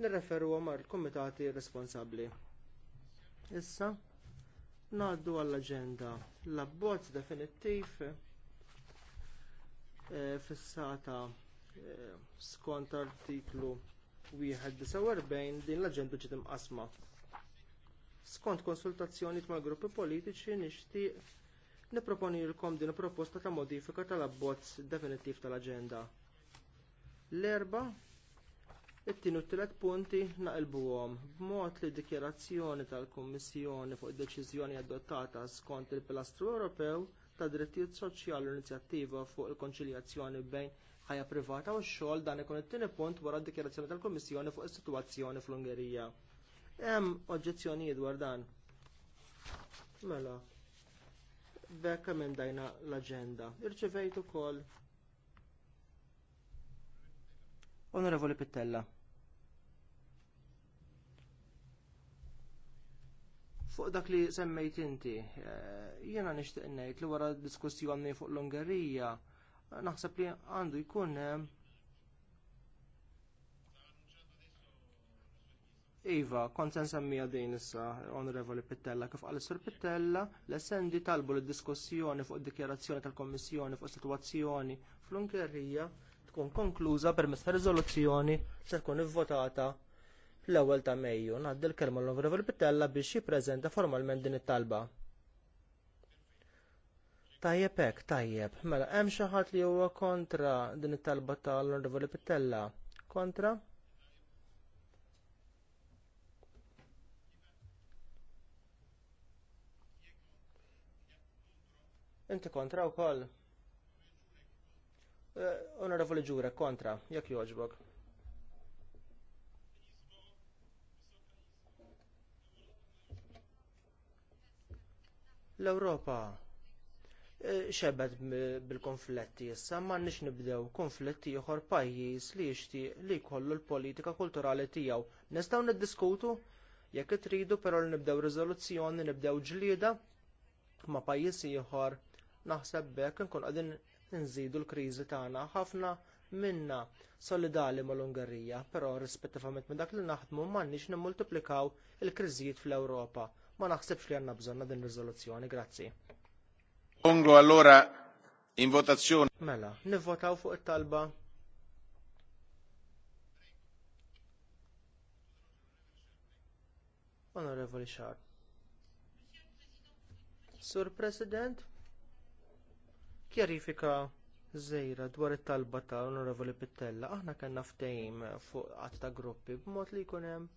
nirreferu għamar l-komitati responsabbli. Issa, ngħaddu għall aġenda l-abbozz definittiv eh, fissata eh, skont artiklu 149 din l-aġenda ġiet imqasma. Skont konsultazzjoni mal gruppi politiċi nixtieq nipproponilkom din proposta ta' modifika tal-abbozz definittiv tal-aġenda. L-erba' it tieni u t-tret punti naqilbuhom b'mod li d dikjerazzjoni tal-Kummissjoni fuq id-deċiżjoni adottata skont il-Pilastru Ewropew ta' drittijiet soċjali u inizjattiva fuq il-konċiljazzjoni bejn ħajja privata u x-xogħol dan ikun it-tieni punt wara d-dikjerazzjoni tal-Kummissjoni fuq is-sitwazzjoni fl-Ungerija. Hemm oġġezzjonijiet dwar dan. Mela, bekk emendajna l aġenda Irċevejt ukoll Onorevoli Pittella. Fuq dak li semmejt inti, eh, jiena nixtieq ngħid li wara d diskussjoni fuq l-Ungerija, naħseb li għandu jkun hemm eh, Iva, kont se semmija din issa, Onorevoli Pittella, kif għal sur Pittella, l-essendi talbu l-diskussjoni fuq id dikjarazzjoni tal-Kommissjoni fuq situazzjoni fl-Ungerija tkun konkluża permezz ta' riżoluzzjoni se tkun ivvotata l ewwel ta' Mejju. Ngħaddi l-kelma l Pittella biex jippreżenta formalment din it-talba. Tajjeb hekk, tajjeb. Mela hemm xi ħadd li huwa kontra din it-talba tal-Onorevoli Pittella. Kontra? Inti kontra wkoll? Eh, onorevoli ġura, kontra, jekk jogħġbok. l ewropa eh, xebed bil-konfletti issa m'għandniex nibdew konfletti uħor pajjiż li jixtieq li jkollu l-politika kulturali tiegħu. Nistgħu niddiskutu jekk itridu però li nibdew rizoluzzjoni nibdew ġlieda ma' pajjiż ieħor naħseb b'hekk inkun qegħdin nżidu l-kriżi tagħna ħafna minna solidali mal-Ungerija, però rispettivament minn dak li naħdmu m'għandniex nimmultiplikaw il-kriżijiet fl-Ewropa. Ma naħsibx li għandna bżonna din riżoluzzjoni, grazzi. Pongo allora in votazione. Mela, nivvotaw fuq it-talba Onorevoli Xar. Sur President, Kjarifika żejra dwar it-talba ta' Onorevoli Pittella, aħna kellna ftehim fuq qatt ta' gruppi b'mod li jkun hemm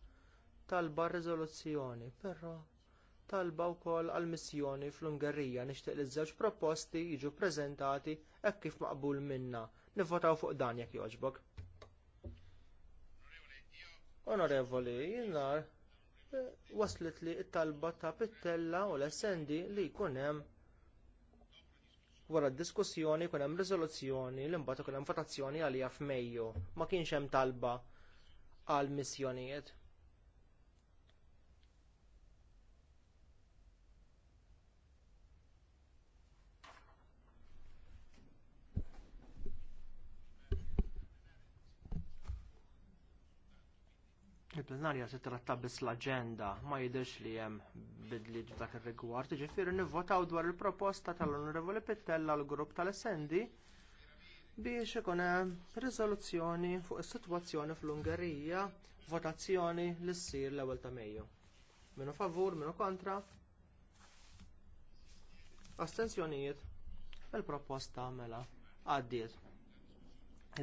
talba riżoluzzjoni, però talba wkoll għall missjoni fl-Ungerija nixtieq li żewġ proposti jiġu ppreżentati hekk kif maqbul minnha. Nivvotaw fuq dan jekk jogħġbok. Onorevoli, jinnar eh, waslet li t talba ta' Pittella u l-essendi li jkun hemm wara d-diskussjoni kun hemm riżoluzzjoni li mbagħad ikun hemm votazzjoni għalija f'Mejju. Ma kienx hemm talba għal missjonijiet. Il-plenarja se tratta biss l-agenda, ma jidhirx li hemm bidli dak ir-rigward, ġifieri nivvotaw dwar il-proposta tal-Onorevoli Pittella l grupp tal-Essendi biex ikun hemm riżoluzzjoni fuq is-sitwazzjoni fl-Ungerija, votazzjoni li ssir l-ewwel ta' Mejju. Minu favur, minu kontra. Astenzjonijiet, il-proposta mela għaddiet.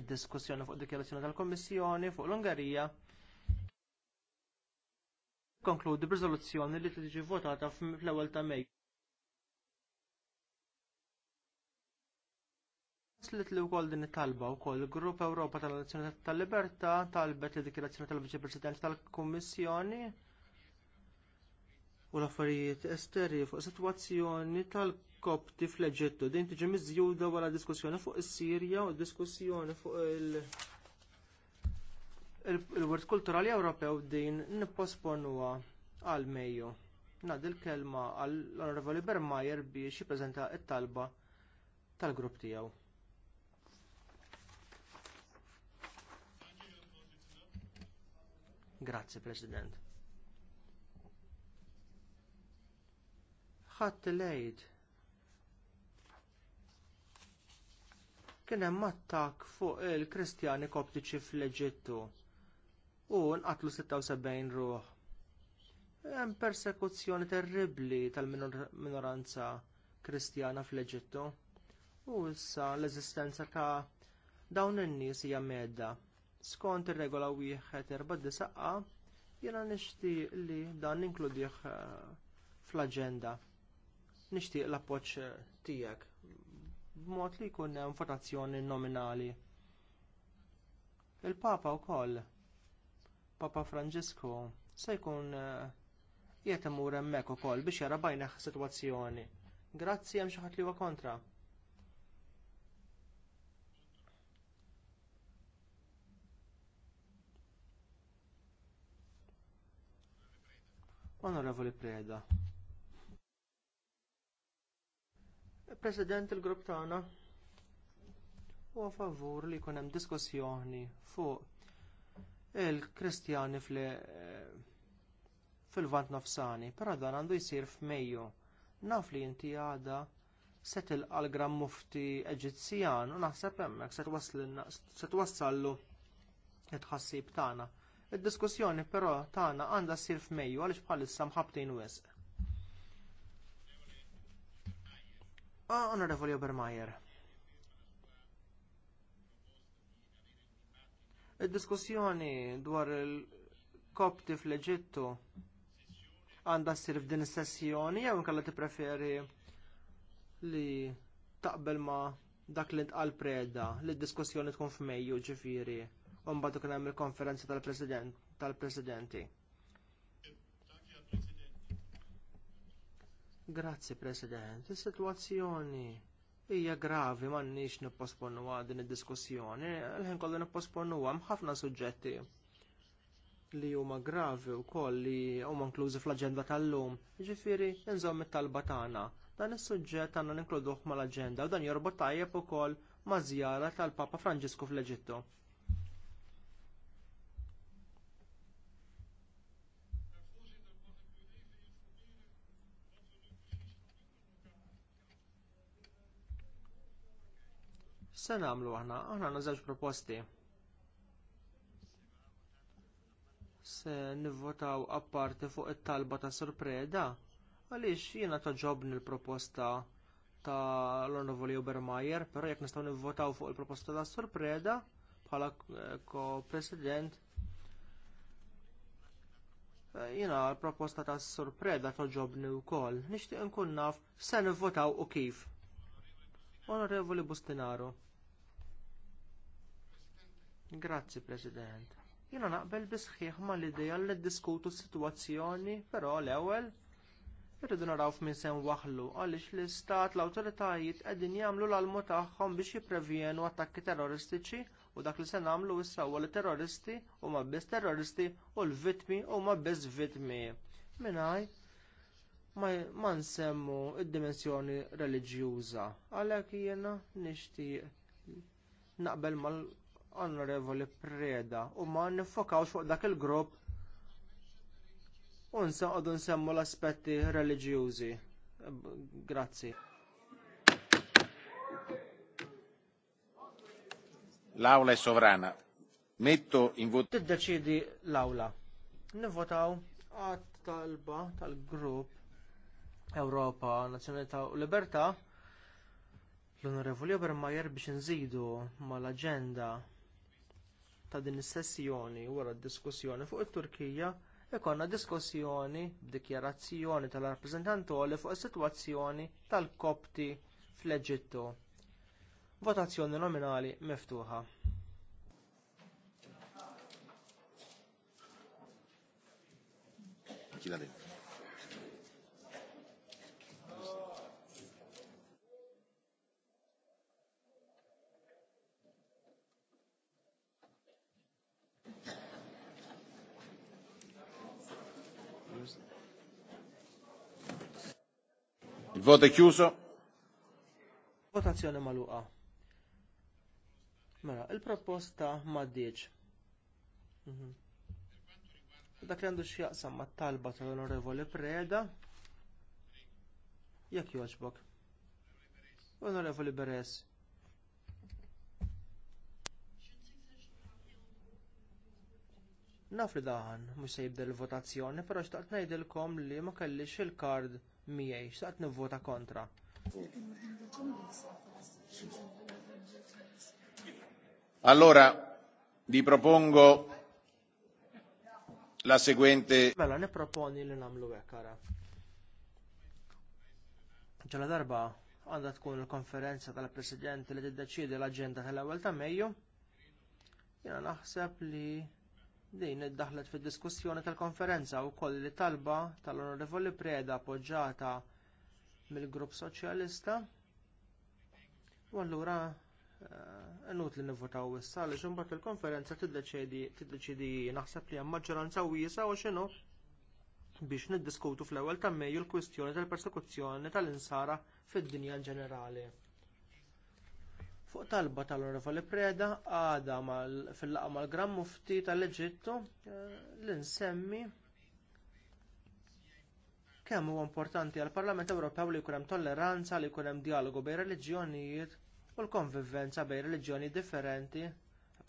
Id-diskussjoni fuq dikjerazzjoni tal-Kommissjoni fuq l-Ungerija konkludi b'riżoluzzjoni li tiġi votata fl-ewwel ta' Mej. Slit li wkoll din it-talba wkoll Grupp Ewropa tal nazzjonijiet tal-Libertà talbet li dikjerazzjoni tal-Viċi President tal-Kummissjoni u l-affarijiet esteri fuq sitwazzjoni tal-kopti fl-Eġittu. Din tiġi miżjuda wara diskussjoni fuq is-Sirja u diskussjoni fuq il- il-wirt kulturali Ewropew din nipposponuha għal Mejju. Ngħaddi l-kelma għall onorevoli Bermajer biex jippreżenta t talba tal-grupp tiegħu. Grazzi President. Ħadd lejt. Kien hemm attakk fuq il-Kristjani Koptiċi fl-Eġittu u nqatlu 76 ruħ. Hemm persekuzzjoni terribbli tal-minoranza kristjana fl-Eġittu u issa l-eżistenza ta' dawn in-nies hija medda. Skont ir-regola wieħed erba' disaqqa jiena nixtieq li dan inkludih eh, fl-aġenda. Nixtieq l-appoġġ tiegħek b'mod li jkun hemm votazzjoni nominali. Il-Papa wkoll Papa Franġisku se jkun qiegħed eh, imur hemmhekk ukoll biex jara bajna sitwazzjoni. Grazzi hemm xi ħadd li huwa kontra. Onorevoli Preda. President il-grupp tagħna huwa favur li jkun hemm diskussjoni fuq il-Kristjani fil-vant nofsani, però dan għandu jsir f'Mejju. Naf li inti għada se tilqa' l-Gran Mufti Eġizzjan u naħseb hemmhekk se twassallu it tħassib tagħna. Id-diskussjoni però tagħna għandha ssir f'Mejju għaliex bħalissa mħabtin wisq. Ah, Onorevoli Obermajer. Id-diskussjoni dwar il-kopti fl-Eġittu għandha ssir f'din is-sessjoni jew inkella tippreferi li taqbel ma dak li tqal preda li d-diskussjoni tkun f'Mejju ġifieri u mbagħad ikun hemm il-konferenza tal-Presidenti. Grazzi President, is-sitwazzjoni hija gravi m'għandniex nipposponu din id-diskussjoni, l-ħin kollu nipposponu hemm ħafna suġġetti li huma gravi wkoll li huma inklużi fl-aġenda tal-lum. jiġifieri nżomm it-talba tagħna. Dan is-suġġett għandna ninkluduh mal-aġenda u dan jorbot tajjeb ukoll maż żjara tal-Papa Franġisku fl-Eġittu. Se nagħmlu aħna, aħna għandna żewġ proposti. Se nivvotaw apparti fuq it-talba ta' sorpreda għaliex jiena ġobni l-proposta ta' l-Onorevoli Obermajer, però jekk nistgħu nivvotaw fuq il-proposta ta' sorpreda bħala ko-president. Eh, eh, jiena l-proposta ta' sorpreda toġobni wkoll, nixtieq nkun naf se nivvotaw u kif. Onorevoli Bustinaro. Grazzi, President. Jiena naqbel bisħiħ mal l-ideja li ddiskutu s-sitwazzjoni, però l ewwel irridu naraw f'min sen waħlu għaliex l-istat l-awtoritajiet qegħdin jagħmlu l-almu tagħhom biex jipprevenu attakki terroristiċi u dak li se nagħmlu issa huwa li terroristi huma biss terroristi u l-vittmi huma biss vittmi. Mingħajr ma nsemmu id-dimensjoni reliġjuża għalhekk jiena nixtieq naqbel mal onorevoli preda u ma nifokawx fuq dak il-grupp u nsanqodu nsemmu l-aspetti reliġjużi. Grazzi. L-awla è sovrana. Metto in voto. Tiddeċidi l-awla. Nivvotaw għat talba tal-grupp Ewropa, Nazzjonalità u Libertà l-Onorevoli Obermajer biex nżidu mal agenda ta' din is-sessjoni wara d-diskussjoni fuq it-Turkija ikonna diskussjoni b'dikjarazzjoni tal-rappreżentant fuq is-sitwazzjoni tal-Kopti fl-Eġittu. Votazzjoni nominali miftuħa. Il vot è chiuso. Votazione maluqa. Mela, il-proposta ma' 10. Mhm. Dak li għandu x'jaqsam mat talba tal-Onorevoli Preda. Jekk jogħġbok. Onorevoli Beres. Naf li daħan mhux se jibdel l-votazzjoni, però xtaqt ngħidilkom li ma kellix il-kard miegħi x'saqt nivvota kontra. Allora vi propongo la seguente Mela nipproponi li nagħmlu hekk ara. Ġala darba għandha tkun il-konferenza tal-Presidenti li tiddeċiedi l-aġenda tal-ewwel ta' Mejju. Jiena naħseb li Din iddaħlet fid-diskussjoni tal-konferenza wkoll li talba tal-Onorevoli Preda appoġġjata mill-Grupp Soċjalista. U allura eh, inut li nivvotaw issa li ġumbat il-konferenza tiddeċidi naħseb li hemm maġġoranza wiesa u x'inhu biex niddiskutu fl-ewwel ta' Mejju l-kwistjoni tal-persekuzzjoni tal-insara fid-dinja ġenerali. Fuq talba tal li Preda għada fil laqgħa mal-Gran Mufti tal-Eġittu eh, l-insemmi kemm huwa importanti għall parlament Ewropew li jkun hemm tolleranza li jkun hemm dijalogu bejn reliġjonijiet u l-konvivenza bejn reliġjoni differenti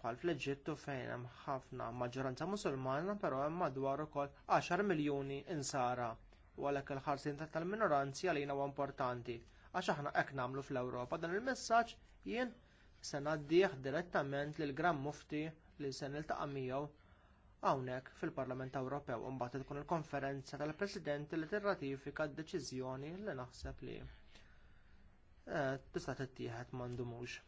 bħal fl-Eġittu fejn hemm ħafna maġġoranza Musulmana però hemm madwar ukoll 10 miljuni insara u għalhekk il-ħarsien tal-minoranzi għalina huwa importanti għax aħna qed nagħmlu fl-Ewropa dan il-messaġġ Jien se ngħaddih direttament lill Gran Mufti li se niltaqa' miegħu hawnhekk fil-Parlament Ewropew imbagħad tkun il-konferenza tal-Presidenti li tirratifika d-deċiżjoni li naħseb li eh, tista' tittieħed m'għandhomux.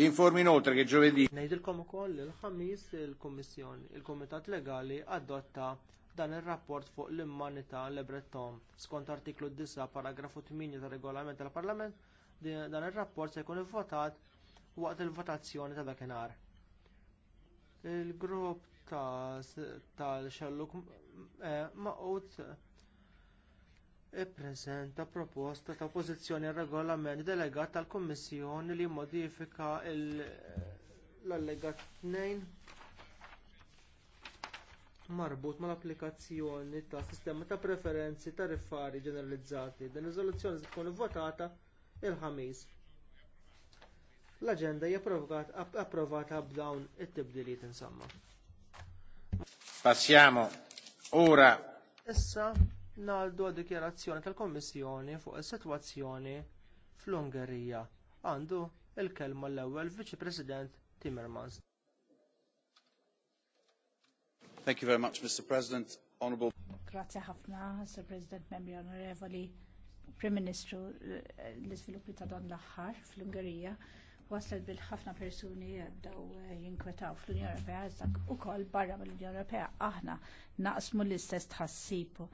Vi informi inoltre che giovedì. Ngħidilkom ukoll il-ħamis il-Kummissjoni, il-Kumitat Legali adotta dan ir-rapport fuq l-immanità Le Breton skont artiklu 9 paragrafu 8 tar-regolament tal-Parlament dan ir-rapport se jkun ivvotat waqt il-votazzjoni ta' dakinhar. Il-grupp tal-xelluk eh, maqut ippreżenta proposta ta' pożizzjoni regolament delegat tal-Kummissjoni li modifika l-allegat 2 marbut mal-applikazzjoni tas sistema ta' preferenzi tariffari ġeneralizzati. Din se tkun votata il-ħamis. L-agenda hija approvata b'dawn it-tibdiliet insamma. Passiamo ora. Issa ngħaddu dikjarazzjoni tal-Kommissjoni fuq is-sitwazzjoni fl-Ungerija. Għandu l kelma l-ewwel Viċi President Timmermans. Thank you very much, Mr. President. Honorable. Grazie ħafna, Mr. President, membri onorevoli. Prim Ministru l-iżviluppi ta' dan l-aħħar fl-Ungerija waslet bil-ħafna persuni jibdaw jinkwetaw fl-Unjoni Ewropea u wkoll barra mill-Unjoni Ewropea aħna naqsmu l-istess tħassib